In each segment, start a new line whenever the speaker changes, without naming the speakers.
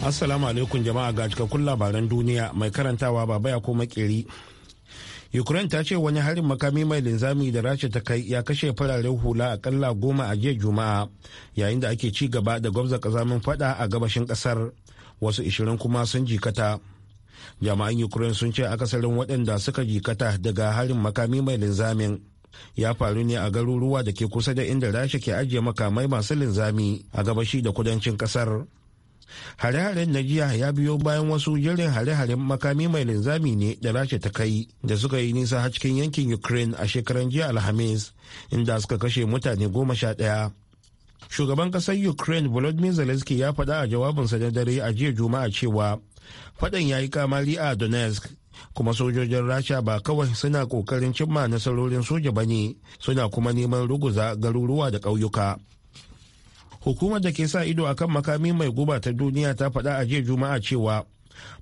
Assalamu alaikum jama'a ga cikakkun labaran duniya mai karantawa baba ya koma makeri. Ukraine ta ce wani harin makami mai linzami da Rasha ta kai ya kashe fararen hula akalla goma a jiya Juma'a yayin da ake ci gaba da gwamza kazamin fada a gabashin kasar wasu ishirin kuma sun jikata. Jama'an Ukraine sun ce akasarin waɗanda suka jikata daga harin makami mai linzamin ya faru ne a garuruwa da ke kusa da inda Rasha ke ajiye makamai masu linzami a gabashi da kudancin kasar. hare-haren na jiya ya biyo bayan wasu jerin hare-haren makami mai linzami ne da rasha ta kai da suka yi nisa har cikin yankin ukraine a shekaran jiya alhamis inda suka kashe mutane goma sha ɗaya shugaban kasar ukraine volodymyr zelensky ya faɗa a jawabinsa na dare a jiya juma'a cewa faɗan ya yi kamari a donetsk kuma sojojin rasha ba kawai suna ƙoƙarin cimma nasarorin soja ba ne suna kuma neman ruguza garuruwa da ƙauyuka hukumar da ke sa ido a kan makami mai guba ta duniya ta faɗa a jiya juma'a cewa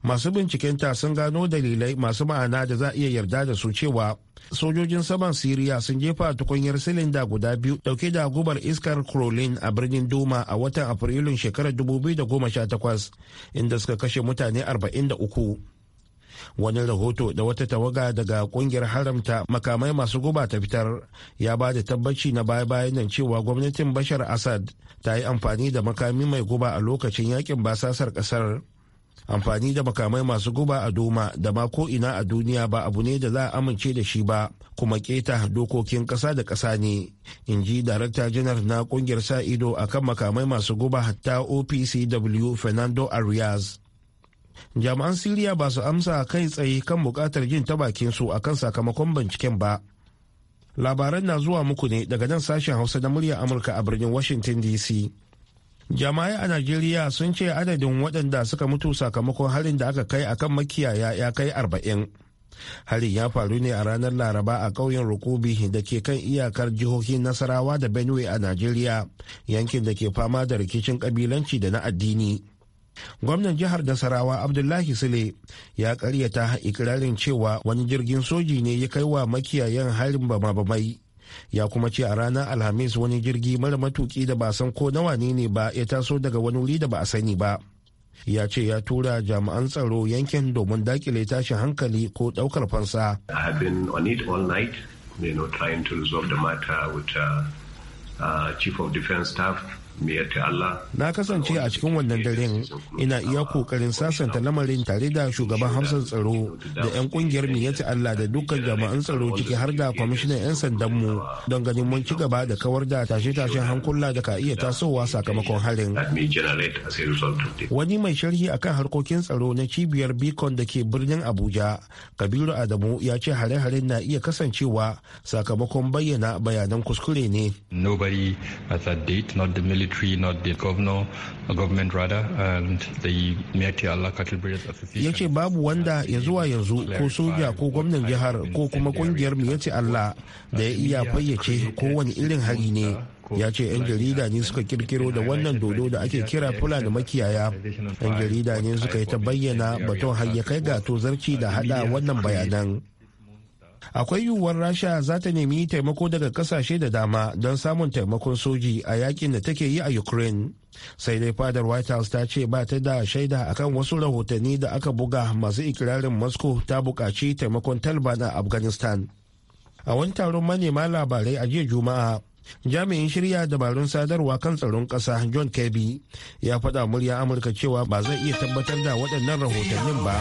masu bincikenta sun gano dalilai masu ma'ana da za a iya yarda da su cewa sojojin saman siriya sun jefa tukunyar silinda guda biyu dauke da gubar iskar krolin a birnin doma a watan afrilun shekarar 2018 inda suka kashe mutane 43 wani rahoto da wata tawaga daga kungiyar haramta makamai masu guba ta fitar ya ba da tabbaci na baya-bayan nan cewa gwamnatin bashar asad ta yi amfani da makami mai guba a lokacin yakin basasar kasar amfani da makamai masu guba a doma da ma ko ina a duniya ba abu ne da za a amince da shi ba kuma keta dokokin kasa da kasa ne in ji darakta janar na kungiyar sa ido akan makamai masu guba ta opcw fernando arias jami'an siriya ba su amsa kai tsaye kan bukatar jin ta bakin su akan sakamakon binciken ba labaran na zuwa muku ne daga nan sashen hausa na murya amurka a birnin washington dc jama'ai a najeriya sun ce adadin waɗanda suka mutu sakamakon harin da aka kai akan makiyaya ya kai arba'in harin ya faru ne a ranar laraba a ƙauyen rukubi da ke kan iyakar jihohin nasarawa da benue a najeriya yankin da ke fama da rikicin ƙabilanci da na addini gwamnan jihar nasarawa abdullahi sule ya karyata ikirarin cewa wani jirgin soji ne ya kai wa makiyayan harin bama-bamai ya kuma ce a ranar alhamis wani jirgi mara matuki da ba san ko nawa ne ne ba ya taso daga wani wuri da ba a sani ba ya ce ya tura jami'an tsaro yankin domin dakile tashin hankali ko daukar fansa
You know, trying to resolve the matter uh, uh, Chief of Defense Staff
na kasance a cikin wannan daren ina iya kokarin sasanta lamarin tare da shugaban hamsan tsaro da 'yan kungiyar miyati allah da dukkan jama'an tsaro ciki har da kwamishinan 'yan sandanmu don ganin mun ci gaba da kawar da tashe-tashen hankula da ka iya tasowa sakamakon harin wani mai sharhi akan harkokin tsaro na cibiyar beacon da ke birnin abuja kabiru adamu ya ce hare-haren na iya kasancewa sakamakon bayyana bayanan kuskure ne
nobody has a date not the military military, not the uh, rather, and
babu wanda ya zuwa yanzu ko soja ko gwamnan jihar ko kuma kungiyar Miati Allah da ya iya fayyace kowane irin hari ne. ya ce 'yan jarida ne suka kirkiro da wannan dodo da ake kira fula da makiyaya 'yan jarida ne suka yi ta bayyana baton har ya kai ga zarci da hada wannan bayanan akwai yiwuwar rasha za ta nemi taimako daga kasashe da dama don samun taimakon soji a yakin da take yi a ukraine sai dai fadar white house ta ce ba ta da shaida akan wasu rahotanni da aka buga masu ikirarin moscow ta buƙaci taimakon taliban a afghanistan a wani taron manema labarai a jiya juma'a jami'in shirya dabarun sadarwa kan tsaron ƙasa john kirby ya faɗa murya amurka cewa ba zai iya tabbatar da waɗannan
rahotannin ba.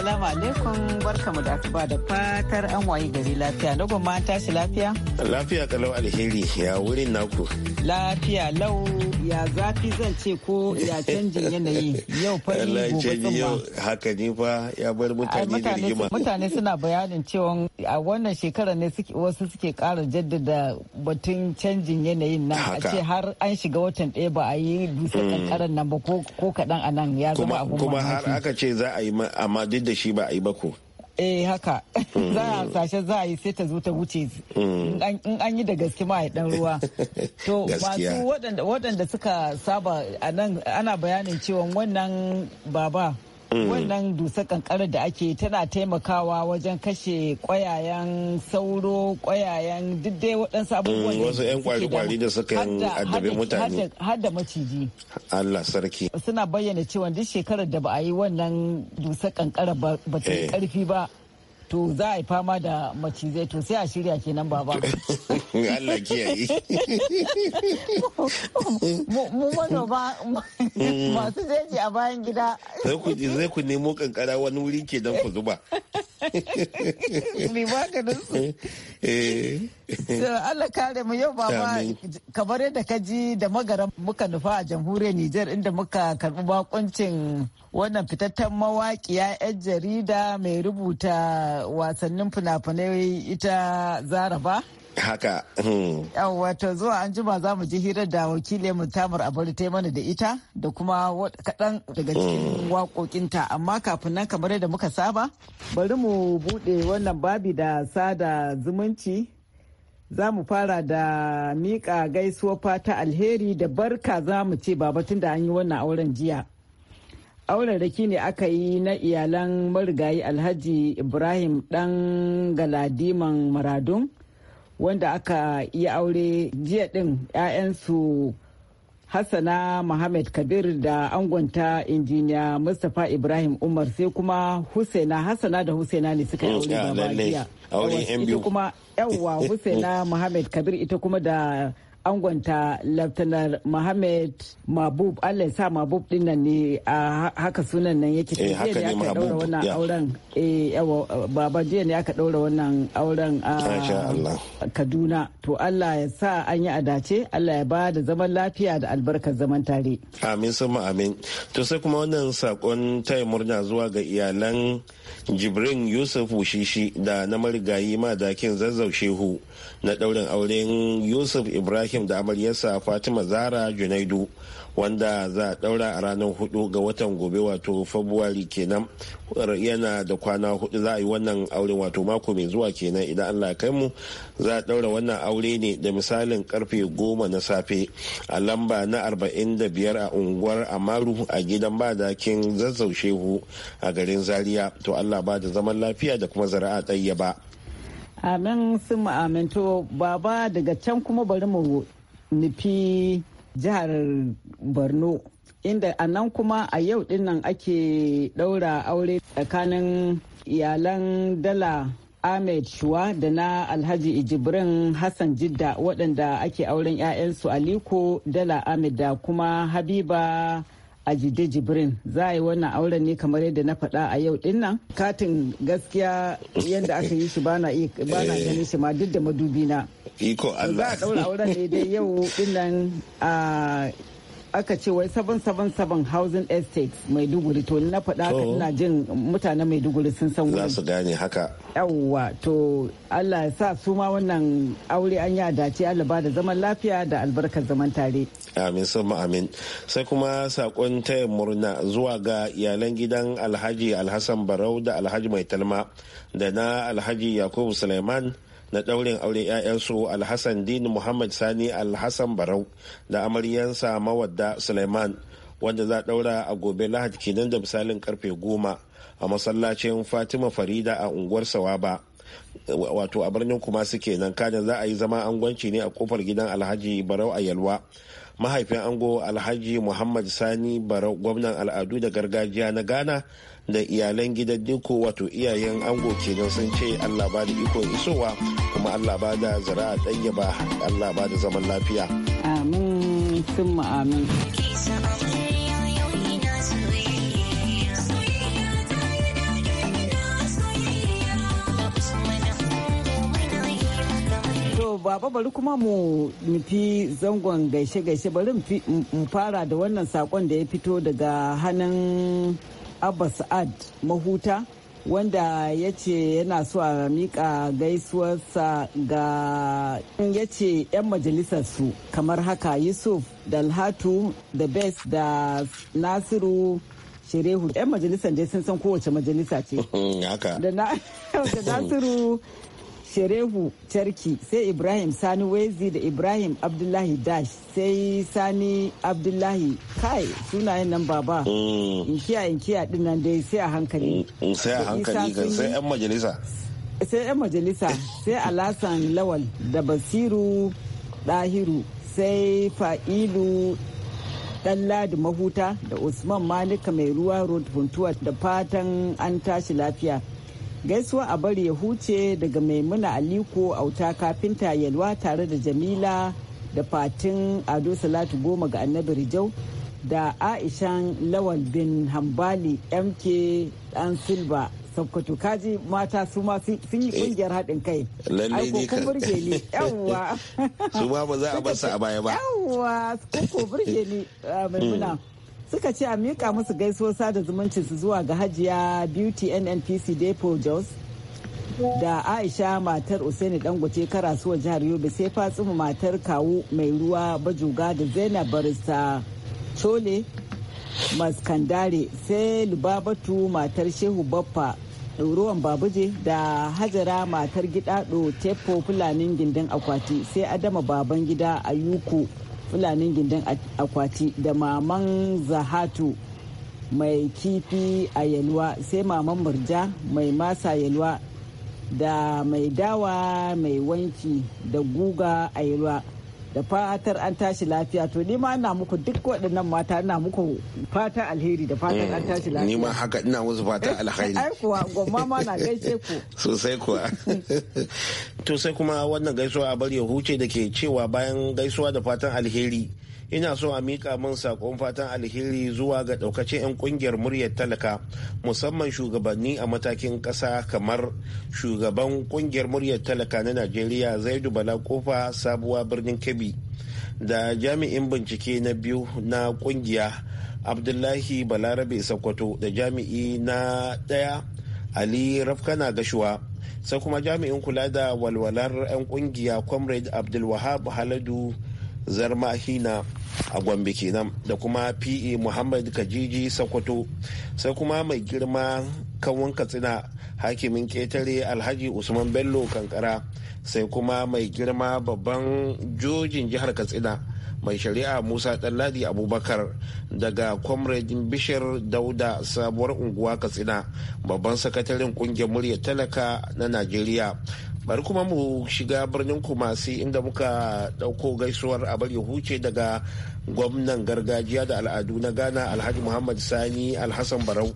Assalamu alaikum barkamu da asuba da fatar an waye gari lafiya. Na gwamma tashi lafiya?
Lafiya kalau alheri ya wurin naku.
Lafiya lau ya zafi zan ce ko ya canjin yanayi
yau fari gobe tsumma haka ne fa ya bar mutane da rigima mutane
suna bayanin cewa a wannan shekarar ne wasu suke kara jaddada batun canjin yanayin nan a ce har an shiga watan ɗaya ba a yi
dusar kankaran
mm. nan ba ko kaɗan a nan ya zama abu kuma har
aka ce za a yi amma duk da shi ba a yi ba ko
eh haka mm. za a sashe za a yi sai ta zo ta wuce mm. in an yi da gaske ma dan ruwa to masu waɗanda suka saba ana bayanin cewa wannan baba wannan dusar kankara da ake tana taimakawa wajen kashe kwayayen sauro kwayayen duk dai waɗansu abubuwan da wasu 'yan kwari-kwari da suka addabe mutane har da maciji
Allah sarki
suna bayyana cewa duk shekarar da ba a yi wannan dusar kankara ba ta karfi eh. ba to za a yi fama da macizai to sai a shirya kenan baba.
Allah kiyaye.
Mu manoma masu jeji a bayan gida.
Zai ku nemo kankara wani wuri ke don ku zuba. mai maganin su eh.
Allah kare mu yau baba kamar yadda ka ji da magaran muka nufa a jamhuriyar Nijar inda muka karbi bakuncin wannan fitattun mawaƙiya 'yan jarida mai rubuta wasannin fina-finai ita zaraba
haka hmm.
yawwa to zuwa an jima za mu ji hirar da wakilin mu tamar a ta mana da ita da kuma kaɗan daga cikin hmm. waƙoƙinta amma kafin nan kamar yadda muka saba bari mu buɗe wannan babi da sada zumunci za mu fara da miƙa gaisuwa fata alheri da barka za mu ce babatun da an yi wannan auren jiya auren raki ne aka yi na iyalan marigayi alhaji ibrahim dan galadiman maradun wanda aka yi aure jiya ɗin 'ya'yansu hassana muhammad kabir da angonta injiniya mustapha ibrahim umar sai kuma husaina hassana da husaina ne suka yi aure ah, ba jiya kuma yawwa husaina muhammad kabir ita kuma da angonta laftanar Mohammed Mabub Allah ya sa Mabub din nan ne a haka sunan nan yake eh, haka ne Mabub wannan auren eh yawa baba jiya ne aka daura wannan auren a Kaduna to Allah ya sa an yi adace Allah ya ba da zaman lafiya da albarkar zaman tare
amin sama amin to sai kuma wannan sakon taya murna zuwa ga iyalan Jibrin Yusuf Shishi da na marigayi ma dakin zazzau shehu na daurin auren Yusuf Ibrahim Ibrahim da amaryarsa Fatima Zara Junaidu wanda za a daura a ranar hudu ga watan gobe wato Fabuwari kenan yana da kwana hudu za a yi wannan aure wato mako mai zuwa kenan idan Allah kai mu za a daura wannan aure ne da misalin karfe goma na safe a lamba na arba'in da biyar a unguwar Amaru a gidan badakin zazzau shehu a garin Zaria to Allah ba da zaman lafiya da kuma zara'a ɗayyaba. ba.
Amin sun ma'aminto baba daga can kuma bari mu nufi jihar Borno inda a nan kuma a yau dinnan ake ɗaura aure tsakanin iyalan dala Ahmed Shuwa da na Alhaji ijibrin Hassan Jidda waɗanda ake auren 'ya'yansu Aliko Dala Ahmed da kuma Habiba a jide jibrin za a yi wannan auren ne kamar yadda na faɗa a yau din katin gaskiya yadda aka yi shi bana eh. ganin shi ma duk da madubi na
iko Allah za a ɗaura auren ne dai yau
din a aka ce wai 777 housing estate duguri to na faɗa haka ina jin mutanen maiduguri
sun san wani su gane haka
yawwa to allah ya sa su ma wannan aure an yi dace allah ba da zaman lafiya da albarkar zaman tare
amin sama amin sai kuma sakon taya murna zuwa ga iyalan gidan alhaji alhassan barau da alhaji maitalma da na alhaji yakubu suleiman na ɗaurin aure 'ya'yansu alhassan din muhammad sani alhassan barau da amaryansa mawadda suleiman wanda za ɗaura a gobe lahadi kenan da misalin karfe goma a masallacin fatima farida a unguwar sawaba wato a birnin kuma su kenan kanin za a yi zama angwanci ne a kofar gidan alhaji barau a yalwa mahaifin ango alhaji muhammad sani barau gwamnan al'adu da gargajiya na ghana da iyalan gidan diko wato iyayen ango kenan sun ce allah ba da ikon isowa kuma allah ba da zara'a ɗanya ba allah ba da zaman lafiya
amin sun amin baba bari kuma mu nufi zangon gaishe-gaishe bari mu fara da wannan sakon da ya fito daga hannun abba sa'ad mahuta wanda ya ce yana so a mika gaisuwarsa ga ya ce 'yan majalisarsu kamar haka yusuf dalhatu da bes da nasiru shirehu 'yan majalisar dai sun san kowace majalisa ce da nasiru sherehu Cherki sai ibrahim sani wezi da ibrahim abdullahi dash sai sani abdullahi kai sunayen nan baba
mm.
inkiya inkiya din nan dai sai a hankali mm, mm, sai a hankali sai yan majalisa sai yan majalisa sai alasan lawal da basiru dahiru sai fa'ilu Ɗanladi Mahuta da Usman Malika mai ruwa Road da fatan an tashi lafiya. gaisuwa a bari ya huce daga maimuna aliko auta kafinta yalwa tare da jamila da fatin ado salatu goma ga annabi rijau da aishan lawal bin hambali mk dan silba sokoto kaji mata su ma sun yi eh, kungiyar haɗin kai lalle ne ka burge
su ma ba za a a baya ba
yawwa ko burge ni eh, maimuna mm. suka ce a miƙa musu gaisuwar sada zumunci su zuwa ga hajiya beauty nnpc depo jos da aisha matar usaini dangote karasuwa jihar yobe sai fatsimu matar kawu mai ruwa bajuga da zainab barista chole maskandare sai lubabatu matar shehu baffa ruwan babuje da hajara matar gidado tepo fulanin gindin akwati sai adama baban gida a fulanin gindin akwati da maman zahatu mai kifi a yalwa sai maman murja mai masa yalwa da mai dawa mai wanki da guga a yalwa da fatar an tashi lafiya to ni ma ina muku duk waɗannan mata ina muku fata alheri da fatan an tashi eh, lafiya ni ma
haka ina musu fata alheri ai
kuwa gwamma ma na gaishe ku
sosai kuwa to sai kuma wannan gaisuwa a bari ya huce da ke cewa bayan gaisuwa da fatan alheri ina so a mika min saƙon fatan alheri zuwa ga ɗaukacin 'yan ƙungiyar muryar talaka musamman shugabanni a matakin ƙasa kamar shugaban ƙungiyar muryar talaka na najeriya zaidu bala kofa sabuwa birnin kebbi da jami'in bincike na biyu na ƙungiya abdullahi balarabe sokoto da jami'i na ɗaya ali rafkana gashuwa sai kuma jami'in kula da walwalar 'yan ƙungiya comrade abdulwahab haladu zarmahina. a gombe kenan da kuma pe muhammad kajiji sokoto sai kuma mai girma kawun katsina hakimin ketare alhaji usman bello kankara sai kuma mai girma babban jojin jihar katsina mai shari'a musa ɗanladi abubakar daga comrade bishir dauda sabuwar unguwa katsina babban sakataren ƙungiyar murya talaka na najeriya bari kuma mu shiga birnin kumasi inda muka ɗauko gaisuwar abar huce daga gwamnan gargajiya da al'adu na ghana alhaji muhammad sani alhassan barau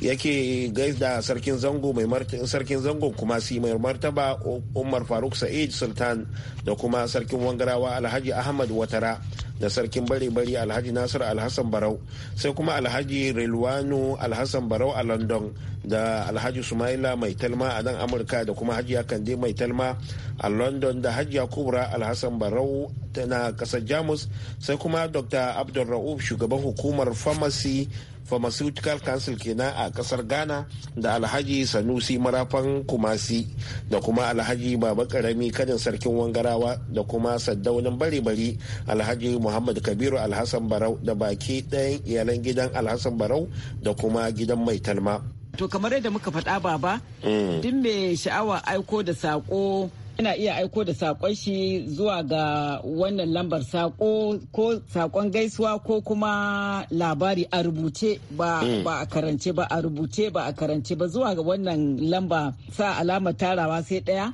yake gaida sarkin zango mai sarkin zango kuma si mai martaba umar faruk sa'id sultan da kuma sarkin wangarawa alhaji ahmad watara da sarkin bare-bare alhaji nasir alhassan barau sai kuma alhaji rilwanu alhassan barau a london da alhaji sumaila mai talma a nan amurka da kuma hajiya kande mai talma a london da hajiya kubra alhassan barau na kasar jamus sai kuma dr abdulra'uf shugaban hukumar pharmacy pharmaceutical council kenan a kasar ghana da alhaji sanusi marafan kumasi da kuma alhaji baba karami kanin sarkin wangarawa da kuma saddaunin bare bare alhaji muhammad kabiru alhassan barau da baki ɗayan iyalan gidan alhassan barau da kuma gidan mai talma
to kamar yadda muka faɗa baba mm. duk mai sha'awa aiko da saƙo yana iya aiko da sakon shi zuwa ga wannan lambar sako ko sakon gaisuwa ko kuma labari a rubuce hmm. ba a karance ba a rubuce ba a karance ba zuwa ga wannan lamba sa alamar tarawa sai daya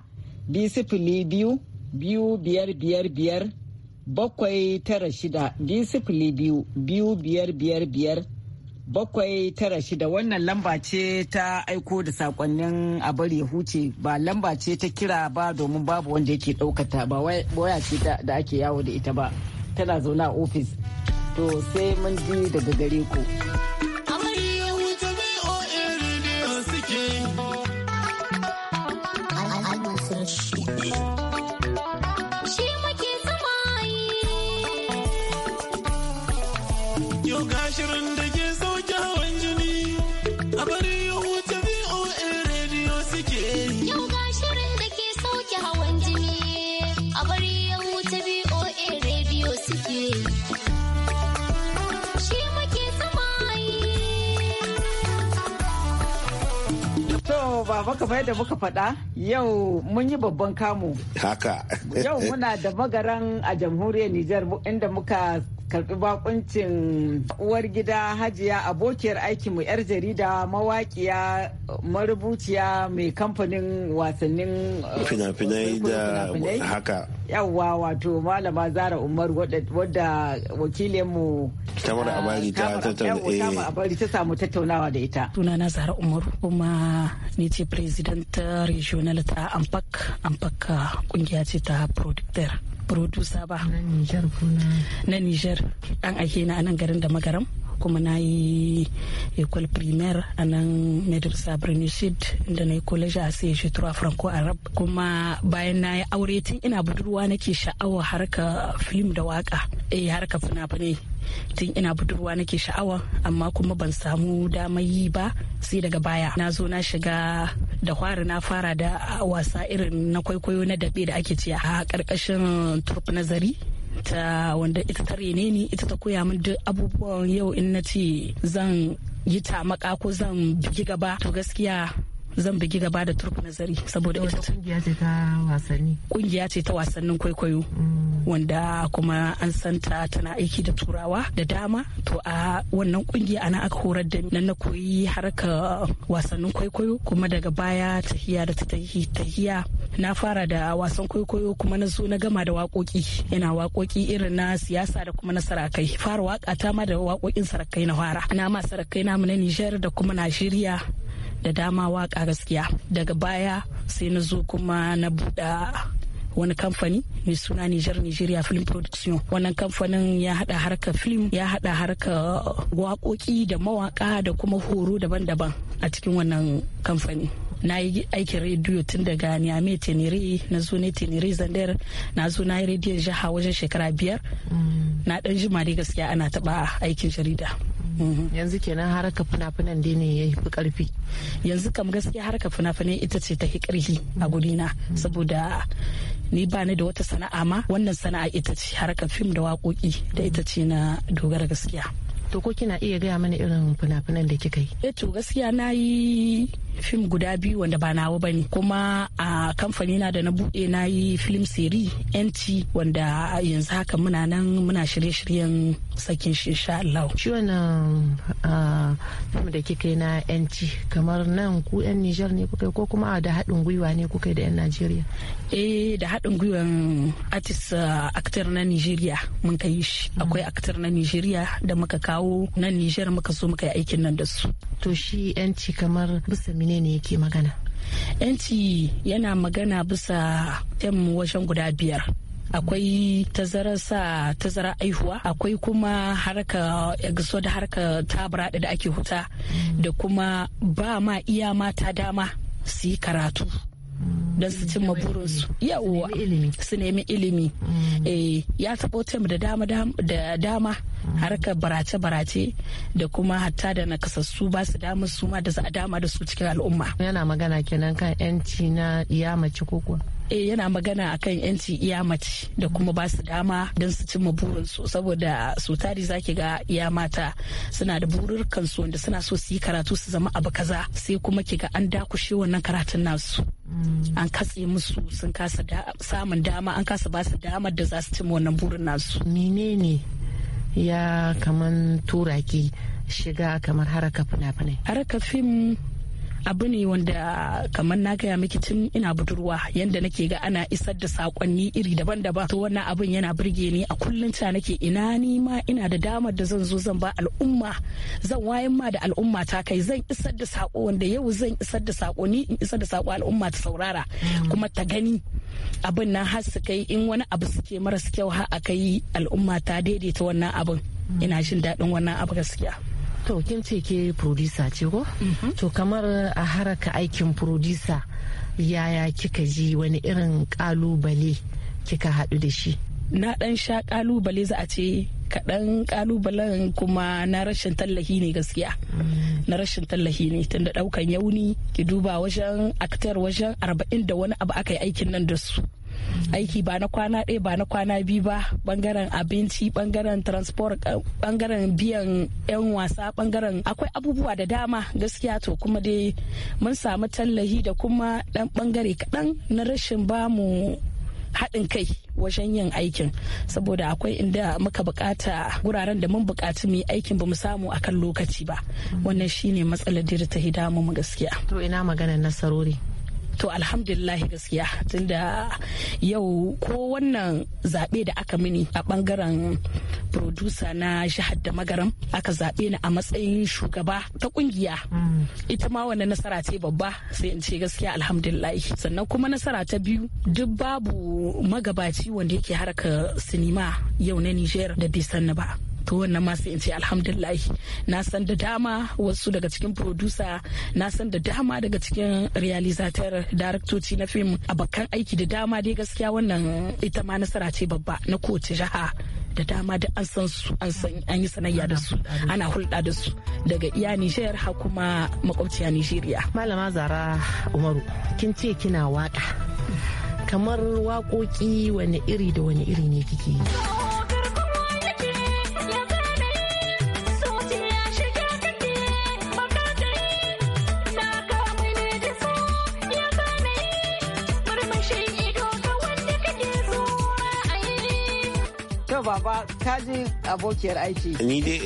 biyu sifili biyu biyu biyar biyar biyar bakwai tara shida biyu sifili biyu biyu biyar biyar biyar bakwai tara shida wannan lamba ce ta aiko da sakonnin a bari ya huce ba lamba ce ta kira ba domin babu wanda yake ɗaukata ba waya ce da ake yawo da ita ba tana zaune a ofis to sai mun ji daga gare ku. baba kamar yadda muka faɗa yau mun yi babban kamu.
Haka. Yau muna
da magaran a jamhuriyar Nijar inda muka karbi bakuncin uwar gida hajiya abokiyar aiki mu yar jarida mawaƙiya marubuciya mai kamfanin wasannin uh,
fina-finai da haka
yawwa wato malama zara umar wadda wakilinmu
tamar uh, eh.
abari
ta samu tattaunawa da ita sunana zara umar kuma
ni ce president uh, regional ta ampak ampak kungiya ce ta
producteur
producer ba na Nijar an ake na nan garin da magaram kuma na yi Ecole primaire a nan medirsa birnin sud da na yi college a sai shi franco arab kuma bayan na yi aure tun ina budurwa nake sha'awa harka fim da waka eh harka fina-finai tun ina budurwa nake sha'awa amma kuma ban samu dama yi ba sai daga baya na zo na shiga da hwari na fara da wasa irin na kwaikwayo na daɓe da ake ce a ƙarƙashin turf nazari ta wanda ita ta rene ni ita ta koya min duk abubuwan yau in na ce zan yi tamaka ko zan bigi gaba to gaskiya zan bugi gaba da turku nazari saboda ita kungiya ce ta wasanni kungiya ce ta wasannin kwaikwayo mm. wanda kuma an santa tana aiki da turawa da dama to a wannan kungiya ana aka horar da nan na koyi harka wasannin kwaikwayo kuma daga baya tahiya da tahiya na fara da wasan kwaikwayo kuma na zo na gama da waƙoƙi yana waƙoƙi irin na siyasa da kuma na sarakai fara waƙa ta ma da waƙoƙin sarakai na fara na ma sarakai namu na Nijar da kuma Najeriya da dama waka gaskiya daga baya sai na zo kuma na buɗa wani kamfani mai suna Niger Nigeria Film Production. Wannan kamfanin ya hada harka film, ya hada harka waƙoƙi da mawaƙa da kuma horo daban-daban a cikin wannan kamfani. na yi aikin rediyo tun daga niamey tenere na zo ne tenere zandar na zo na yi rediyon jiha wajen shekara biyar mm. na dan jima dai gaskiya ana taba aikin jarida yanzu kenan haraka fina-finan dai ne ya fi karfi yanzu kam gaskiya haraka fina-finai ita ce ta fi karfi a gudina. saboda ni ba ni da wata sana'a ma wannan sana'a ita ce haraka fim da waƙoƙi da ita ce na dogara gaskiya to ko kina iya gaya mana irin fina-finan da kika yi eh to gaskiya na yi fim guda biyu wanda ba nawa bane kuma a kamfani na da na buɗe na yi film siri yanci wanda yanzu haka muna nan muna shirye-shiryen sakin shi insha Allah. Shi wannan fim da kika na yanci kamar nan ku yan Nijar ne kuka ko kuma da haɗin gwiwa ne kuka da yan Najeriya? Eh da haɗin gwiwan artist actor na Nijeriya mun kai shi mm. akwai actor na Nijeriya da muka kawo nan Nijar muka so muka yi aikin nan da su. To shi yanci kamar bisa menene yake magana yanci yana magana bisa yan wajen guda biyar akwai tazarar sa tazarar aihuwa akwai kuma harka gaso da harka tabura da ake huta da kuma ba ma iya mata dama su yi karatu don su cimma burinsu yawa su nemi ilimi mm. eh, ya taɓo tem da dama da dama mm. harkar barace-barace da kuma hatta da nakasassu ba su damar su ma da za a dama da su cikin al'umma yana magana kenan kan 'yanci na iya mace ko kuwa eh yana magana a kan yanci iya mace da kuma ba su dama don su cimma burinsu saboda su tari zaki ga iya mata suna da burukansu wanda suna so su yi karatu su zama abu kaza sai kuma ki ga an dakushe wannan karatun nasu mm. an katse musu sun kasa samun dama an kasa ba su damar da za su cimma wannan burin nasu menene ya kaman turaki shiga kamar haraka fina fim abu ne wanda kamar na gaya miki tun ina budurwa yanda nake ga ana isar da sakonni iri daban-daban to wannan abun yana burge ni a kullum ta nake ina ni ma ina da damar da zan zo zan ba al'umma zan wayan ma da al'umma ta kai zan isar da sako wanda yau zan isar da sako ni in isar da sako al'umma ta saurara mm. kuma ta gani abin nan har su kai in wani abu suke maras kyau har a kai al'umma ta daidaita wannan abin mm. ina jin daɗin wannan abu gaskiya. to kin ce ke producer ce ko mhm. to kamar a haraka aikin producer yaya kika ji wani irin kalubale kika haɗu da shi na ɗan sha kalubale za a ce kaɗan kalubalen kuma na rashin tallahi ne gaskiya mm. na rashin tallahi ne tunda ɗaukan yauni ki duba wajen aktar wajen arba'in da wani abu aka yi aikin nan da su aiki ba na kwana ɗaya ba na kwana biyu ba bangaren abinci bangaren transport bangaren eh, biyan 'yan wasa bangaren akwai abubuwa da dama gaskiya to kuma dai mun samu tallahi da kuma ɗan bangare kaɗan na rashin bamu haɗin kai wajen yin aikin saboda akwai inda muka bukata guraren da mun bukaci mu aikin ba mu samu akan lokaci ba wannan shine matsalar da ta hidamu mu gaskiya to ina maganar nasarori to alhamdulillah gaskiya tunda yau ko wannan zaɓe da aka mini a ɓangaren producer na jihar da magaram aka zaɓe ni a matsayin shugaba ta kungiya mm. ita ma wannan nasara ce babba sai in ce gaskiya alhamdulillah sannan kuma nasara ta biyu duk babu magabaci wanda yake haraka sinima yau na niger da bai sanni ba to wannan ma sai in ce alhamdulillah na san da dama wasu daga cikin producer na san da dama daga cikin realizator daraktoci na fim bakan aiki da dama dai gaskiya wannan ita ma nasara ce babba na kowace jiha da dama da an san su an san an yi sanayya da su ana hulɗa da su daga iya Nijar har kuma makwabciya Nijeriya. Malama Zara Umaru kin ce kina waka kamar waƙoƙi wani iri da wani iri ne kike yi.
ba ji abokiyar aiki.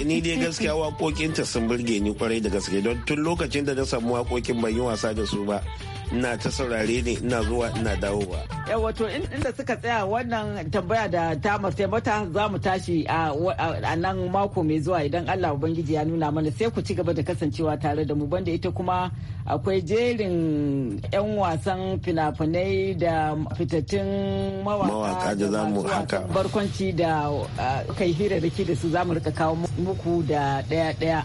Ni dai gaskiya
waƙoƙinta sun burge ni kwarai da gaske don tun lokacin da na samu waƙoƙin ban yi wasa da su ba. na ta saurare ne ina zuwa ina dawowa.
wato inda suka tsaya wannan tambaya da ta masai mata za mu tashi a nan mako mai zuwa idan Allah Ubangiji ya nuna mana sai ku ci gaba da kasancewa tare da mu banda ita kuma akwai jerin 'yan wasan fina-finai da fitattun mawaka da
za mu haka
barkwanci da kai hirarraki da su za mu rika kawo muku da daya-daya.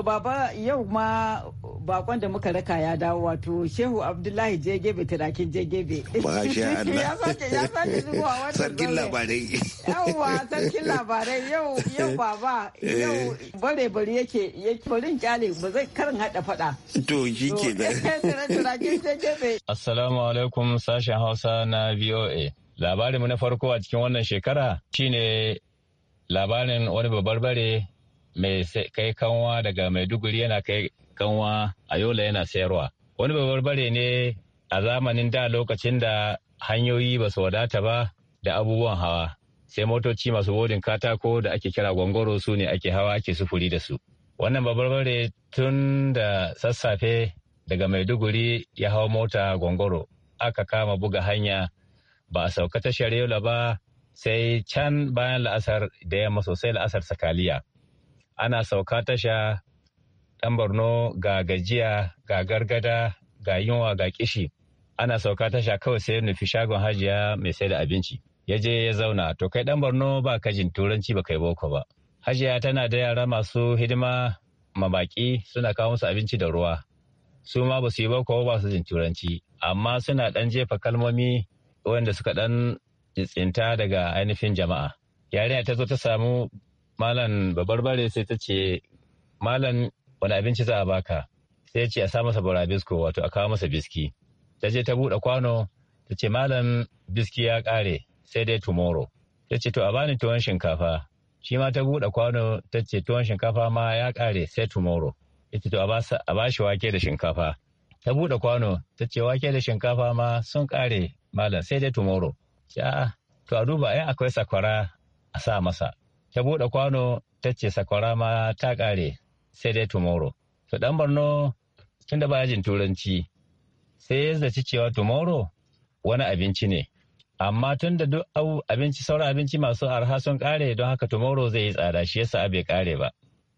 Baba yau ma bakon da muka raka ya dawo wato shehu abdullahi jegebe turakin jegebe ba sha Allah ya sake zuwa
sarkin labarai yawa
sarkin labarai yau yau baba eh. yau bare bare yake yake barin kyale ba zai karin hada fada
to shi ke da
assalamu alaikum sashen hausa na voa labarinmu na farko a cikin wannan shekara shine labarin wani babbar bare mai kai kanwa daga maiduguri yana kai kanwa a yola yana sayarwa wani babarbare ne a zamanin da lokacin da hanyoyi ba su wadata ba da abubuwan hawa sai motoci masu bodin katako da ake kira gwangwaro su ne ake hawa ake sufuri da su wannan bare tun da sassafe daga maiduguri ya hau mota gwangoro aka kama buga hanya ba a sauka tashar yola ba sai can bayan la'asar da yamma sosai la'asar sakaliya ana sauka tasha ɗan borno ga gajiya ga gargada ga yunwa ga kishi ana sauka tasha kawai sai nufi shagon hajiya mai sai da abinci ya je ya zauna to kai ɗan borno ba ka jin turanci ba kai boko ba hajiya tana da yara masu hidima mabaki suna kawo musu abinci da ruwa su ma ba su yi boko ba su jin turanci amma suna ɗan jefa kalmomi wanda suka ɗan tsinta daga ainihin jama'a yarinya ta zo ta samu malam babarbare sai ta ce malam wani abinci za a baka sai ce a sa masa burabisko wato a kawo masa biski ta je ta buɗe kwano ta ce malam biski ya ƙare sai dai tomorrow ta ce to a bani tuwon shinkafa shi ma ta buɗe kwano ta ce tuwon shinkafa ma ya ƙare sai tomorrow Ita ce to a ba shi wake da shinkafa ta buɗe kwano ta ce wake da shinkafa ma sun ƙare malam sai dai tomorrow ce to a duba ai akwai sakwara a sa masa ta buɗe kwano ta ce sakwara ma ta ƙare sai dai tomorrow to dan barno tun da baya jin turanci sai ya zaci cewa tomorrow wani abinci ne amma tun da duk abinci sauran abinci masu arha sun kare don haka tomorrow zai yi tsada shi yasa bai kare ba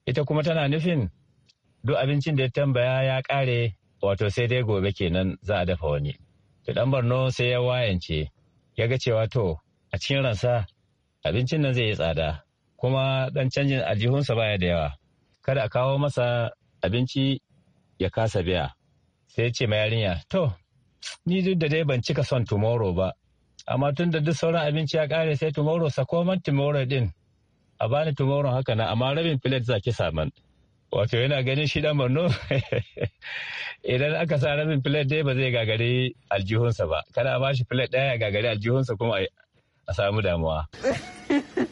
ita kuma tana nufin duk abincin da ya tambaya ya kare wato sai dai gobe kenan za a dafa wani to dan barno sai ya wayance ya ga cewa to a cikin ransa abincin nan zai yi tsada kuma ɗan canjin aljihunsa baya da yawa kada a kawo masa abinci ya kasa biya sai ce ma yarinya to ni duk da dai ban cika son tomorrow ba amma tun da duk sauran abinci ya kare sai tomorrow sakoman man tomorrow din a bani tomorrow haka na amma rabin plate za ki saman wato yana ganin shi dan barno idan aka sa rabin plate dai ba zai gagari aljihunsa ba kada a bashi plate daya ya gagari aljihunsa kuma a samu damuwa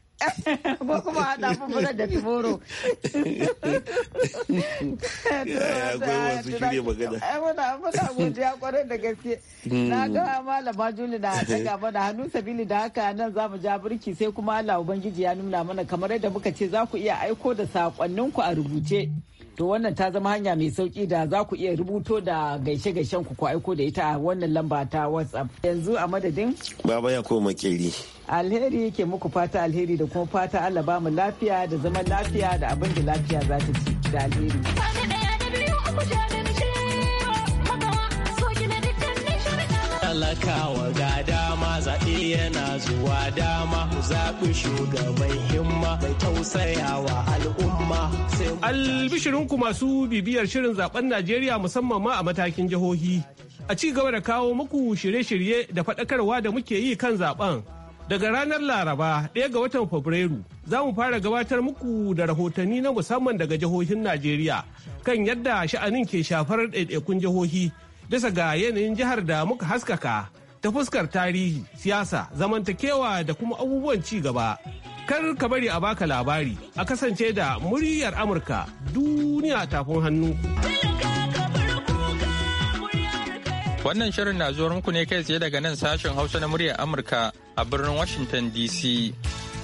ko kuma haɗa fufura da
Ya Akwai wasu shirya magana.
Muna muna godiya kwarai da gaske. Na hmm. ga malama Juli na ta gaba da hannu sabili da haka nan za mu ja birki sai kuma Allah Ubangiji ya nuna mana kamar yadda muka ce za ku iya aiko da saƙonninku a rubuce. to wannan ta zama hanya mai sauki da za ku iya rubuto da gaishe-gaishen ku aiko da ita a wannan lamba ta whatsapp yanzu a madadin
baba ya ko makeri
alheri ke muku fata alheri da kuma fata allah ba mu lafiya da zaman lafiya da abin da lafiya za ta ci da alheri
talakawa ga dama zaɓe yana zuwa dama zaɓi shugaban himma mai tausayawa al'umma albishirinku masu
bibiyar shirin zaben najeriya musamman ma a matakin jihohi a ci gaba da kawo muku shirye-shirye da faɗakarwa da muke yi kan zaben daga ranar laraba ɗaya ga watan fabrairu za mu fara gabatar muku da rahotanni na musamman daga jihohin najeriya kan yadda sha'anin ke shafar ɗaiɗaikun jihohi bisa ga yanayin jihar da muka haskaka ta fuskar tarihi siyasa zamantakewa da kuma abubuwan ci gaba kar ka bari a baka labari a kasance da muryar amurka duniya tafin hannu
wannan shirin na zuwar muku ne kai tsaye daga nan sashen hausa na muryar amurka a birnin washington dc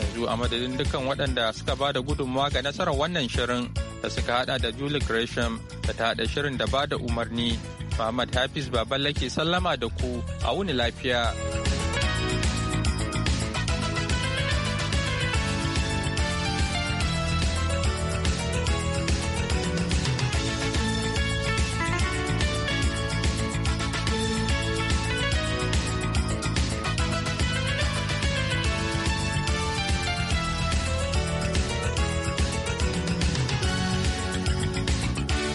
yanzu a madadin dukkan waɗanda suka ba da gudunmawa ga nasarar wannan shirin da suka hada da julie gresham da ta hada shirin da ba da umarni Ahmad Hafiz baballe ke sallama da ku a wuni lafiya.